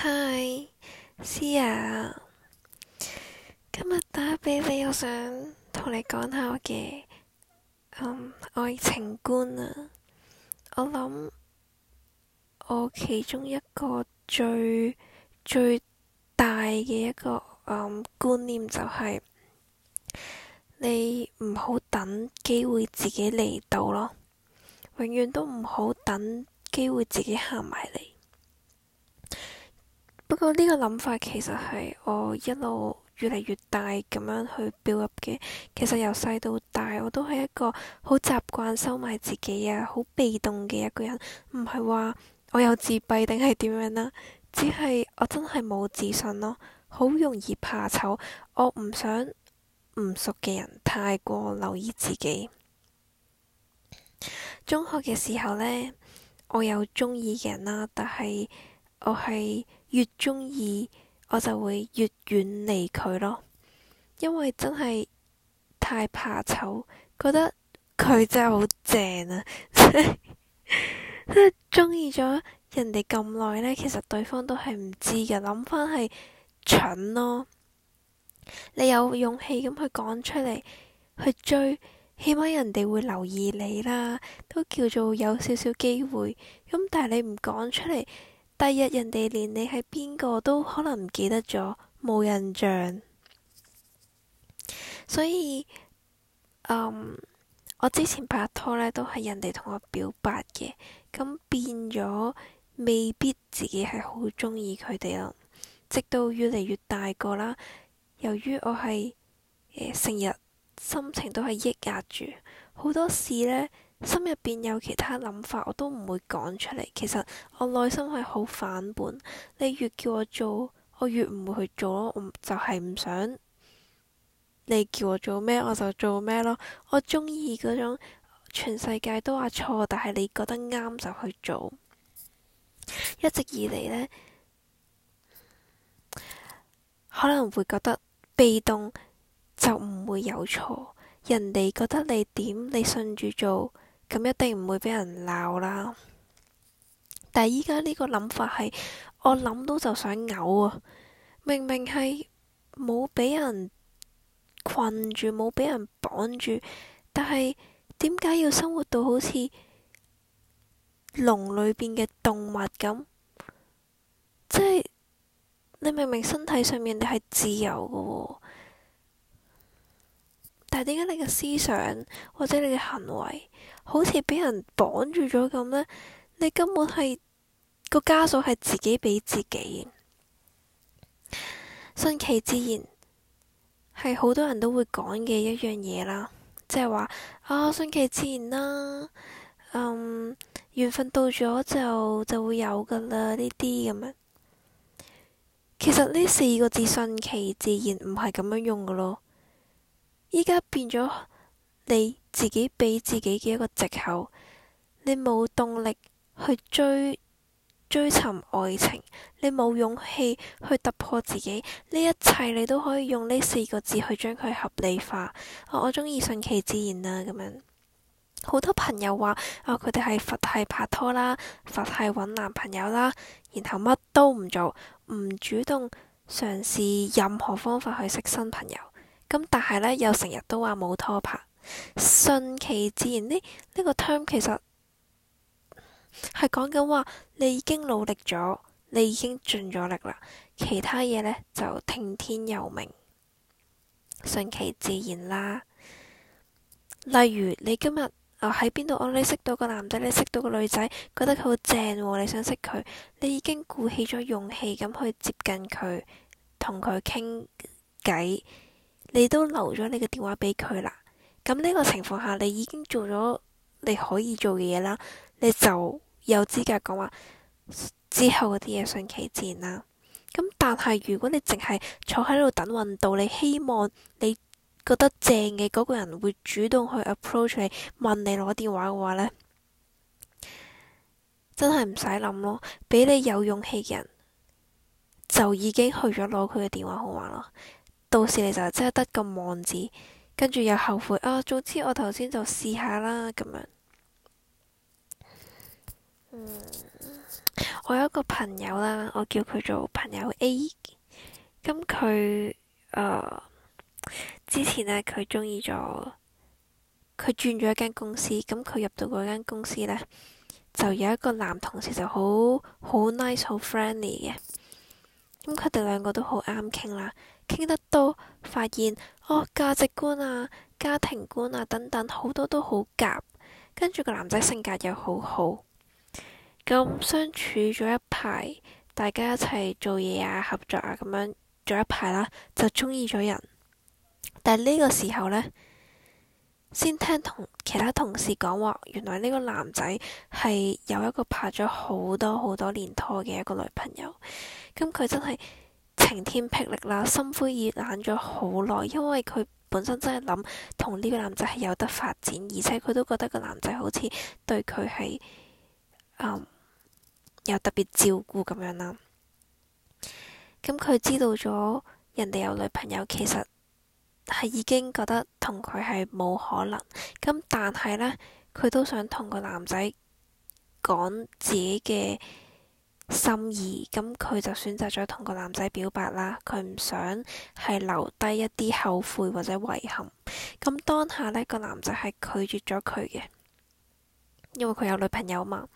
嗨，詩雅，今日打畀你，我想同你講下我嘅，嗯，愛情觀啊。我諗我其中一個最最大嘅一個嗯觀念就係，是，你唔好等機會自己嚟到咯，永遠都唔好等機會自己行埋嚟。不過呢個諗法其實係我一路越嚟越大咁樣去 build up 嘅。其實由細到大，我都係一個好習慣收埋自己啊，好被動嘅一個人。唔係話我有自閉定係點樣啦，只係我真係冇自信咯，好容易怕醜。我唔想唔熟嘅人太過留意自己。中學嘅時候咧，我有中意嘅人啦、啊，但係我係。越中意，我就會越遠離佢咯，因為真係太怕醜，覺得佢真係好正啊！真係中意咗人哋咁耐呢，其實對方都係唔知㗎。諗翻係蠢咯，你有勇氣咁去講出嚟，去追，起碼人哋會留意你啦，都叫做有少少機會。咁但係你唔講出嚟。第日人哋連你係邊個都可能唔記得咗，冇印象。所以，嗯，我之前拍拖呢，都係人哋同我表白嘅，咁變咗未必自己係好中意佢哋啦。直到越嚟越大個啦，由於我係呃、成日心情都係抑壓住，好多事呢。心入邊有其他諗法，我都唔會講出嚟。其實我內心係好反叛，你越叫我做，我越唔會去做咯。我就係唔想你叫我做咩，我就做咩咯。我中意嗰種全世界都話錯，但係你覺得啱就去做。一直以嚟咧，可能會覺得被動就唔會有錯，人哋覺得你點，你順住做，咁一定唔會俾人鬧啦。但係依家呢個諗法係，我諗到就想嘔啊！明明係冇俾人困住，冇俾人綁住，但係點解要生活到好似籠裏邊嘅動物咁？即係你明明身體上面你係自由嘅喎、哦，但係點解你嘅思想或者你嘅行為，好似畀人綁住咗咁呢，你根本係個枷鎖係自己畀自己。順其自然係好多人都會講嘅一樣嘢啦，即係話啊順其自然啦、啊，嗯緣分到咗就就會有噶啦呢啲咁啊。其實呢四個字順其自然唔係咁樣用噶咯，依家變咗。你自己畀自己嘅一個借口，你冇動力去追追尋愛情，你冇勇氣去突破自己，呢一切你都可以用呢四個字去將佢合理化。哦，我我中意順其自然啊，咁樣好多朋友話啊，佢哋係佛系拍拖啦，佛系搵男朋友啦，然後乜都唔做，唔主動嘗試任何方法去識新朋友，咁但係呢，又成日都話冇拖拍。順其自然呢？呢、這個 t i m e 其實係講緊話，你已經努力咗，你已經盡咗力啦。其他嘢呢就聽天由命，順其自然啦。例如你今日啊喺邊度，哦，你識到個男仔，你識到個女仔，覺得佢好正，你想識佢，你已經鼓起咗勇氣咁去接近佢，同佢傾偈，你都留咗你嘅電話俾佢啦。咁呢、嗯這個情況下，你已經做咗你可以做嘅嘢啦，你就有資格講話之後嗰啲嘢順其自然啦。咁、嗯、但係如果你淨係坐喺度等運到，你希望你覺得正嘅嗰個人會主動去 approach 你問你攞電話嘅話呢，真係唔使諗咯。俾你有勇氣嘅人就已經去咗攞佢嘅電話號碼咯。到時你就真係得個望字。跟住又後悔啊！早知我頭先就試下啦咁樣。嗯，我有一個朋友啦，我叫佢做朋友 A。咁佢誒之前咧，佢中意咗，佢轉咗一間公司。咁佢入到嗰間公司咧，就有一個男同事就好好 nice、好 friendly 嘅。咁佢哋兩個都好啱傾啦。傾得多，發現哦價值觀啊、家庭觀啊等等，好多都好夾。跟住個男仔性格又好好，咁相處咗一排，大家一齊做嘢啊、合作啊咁樣，做一排啦，就鍾意咗人。但係呢個時候呢，先聽同其他同事講話，原來呢個男仔係有一個拍咗好多好多年拖嘅一個女朋友。咁佢真係～晴天霹靂啦！心灰意冷咗好耐，因為佢本身真係諗同呢個男仔係有得發展，而且佢都覺得個男仔好似對佢係、呃、有特別照顧咁樣啦。咁佢知道咗人哋有女朋友，其實係已經覺得同佢係冇可能。咁但係咧，佢都想同個男仔講自己嘅。心意，咁佢就選擇咗同個男仔表白啦。佢唔想係留低一啲後悔或者遺憾。咁當下呢，個男仔係拒絕咗佢嘅，因為佢有女朋友嘛。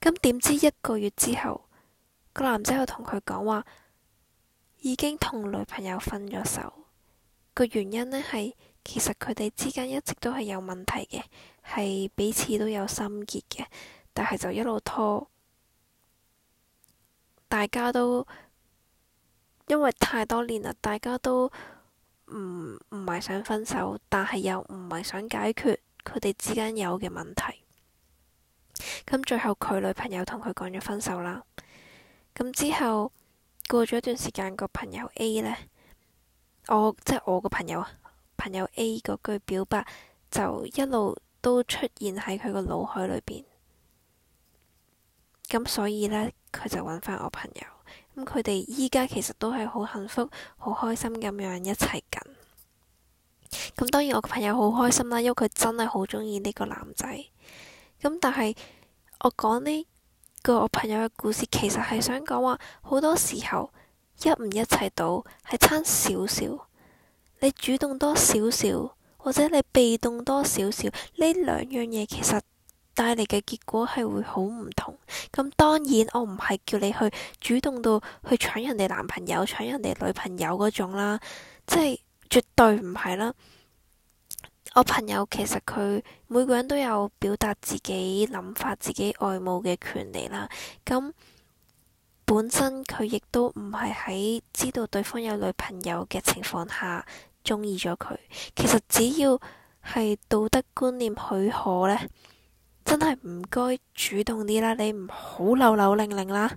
咁點知一個月之後，個男仔又同佢講話，已經同女朋友分咗手。個原因呢係，其實佢哋之間一直都係有問題嘅，係彼此都有心結嘅，但係就一路拖。大家都因為太多年啦，大家都唔唔係想分手，但係又唔係想解決佢哋之間有嘅問題。咁最後佢女朋友同佢講咗分手啦。咁之後過咗一段時間，個朋友 A 呢，我即係、就是、我個朋友啊，朋友 A 嗰句表白就一路都出現喺佢個腦海裏邊。咁所以呢。佢就搵翻我朋友，咁佢哋依家其實都係好幸福、好開心咁樣一齊緊。咁當然我個朋友好開心啦，因為佢真係好中意呢個男仔。咁但係我講呢個我朋友嘅故事，其實係想講話好多時候一唔一齊到係差少少，你主動多少少，或者你被動多少少，呢兩樣嘢其實。帶嚟嘅結果係會好唔同咁，當然我唔係叫你去主動到去搶人哋男朋友，搶人哋女朋友嗰種啦，即係絕對唔係啦。我朋友其實佢每個人都有表達自己諗法、自己愛慕嘅權利啦。咁本身佢亦都唔係喺知道對方有女朋友嘅情況下中意咗佢。其實只要係道德觀念許可呢，真係唔該主動啲啦，你唔好扭扭擰擰啦。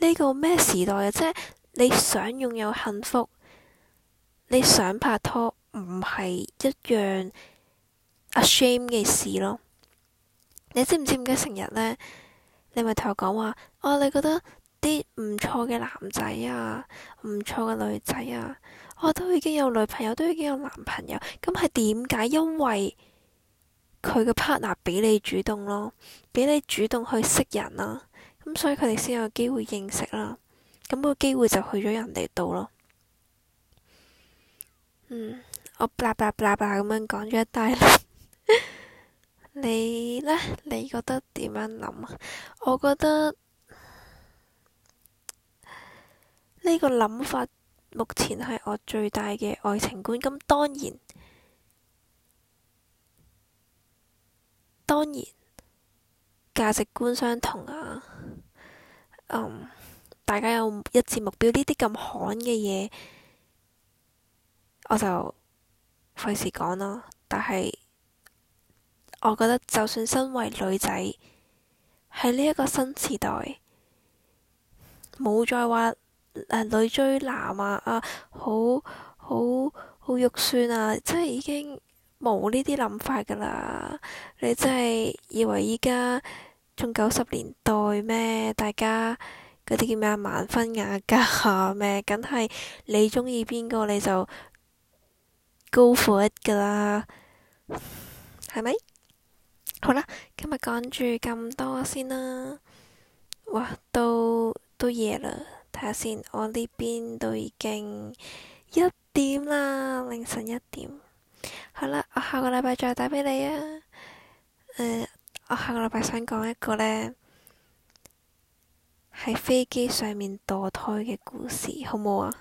呢個咩時代嘅啫？即你想擁有幸福，你想拍拖，唔係一樣 ashamed 嘅事咯。你知唔知點解成日呢，你咪同我講話，我、啊、你覺得啲唔錯嘅男仔啊，唔錯嘅女仔啊，我、啊、都已經有女朋友，都已經有男朋友，咁係點解？因為佢嘅 partner 俾你主動咯，俾你主動去識人啦，啊，咁所以佢哋先有機會認識啦，咁個機會就去咗人哋度咯。嗯，我啦啦啦啦咁樣講咗一大輪， 你呢？你覺得點樣諗啊？我覺得呢，呢個諗法目前係我最大嘅愛情觀，咁當然。當然，價值觀相同啊，嗯，大家有一致目標呢啲咁罕嘅嘢，我就費事講啦。但係，我覺得就算身為女仔，喺呢一個新時代，冇再話誒、呃、女追男啊，啊，好好好肉酸啊，即係已經。冇呢啲諗法噶啦，你真係以為依家仲九十年代咩？大家嗰啲叫咩啊？萬分壓價咩？梗係你中意邊個你就高 o 一 o r i 噶啦，係咪？好啦，今日講住咁多先啦。哇，都都夜啦，睇下先，我呢邊都已經一點啦，凌晨一點。下個禮拜再打畀你啊，呃，我下個禮拜想講一個呢，喺飛機上面墮胎嘅故事，好唔好啊？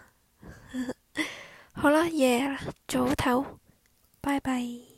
好啦，夜啦，早唞，拜拜。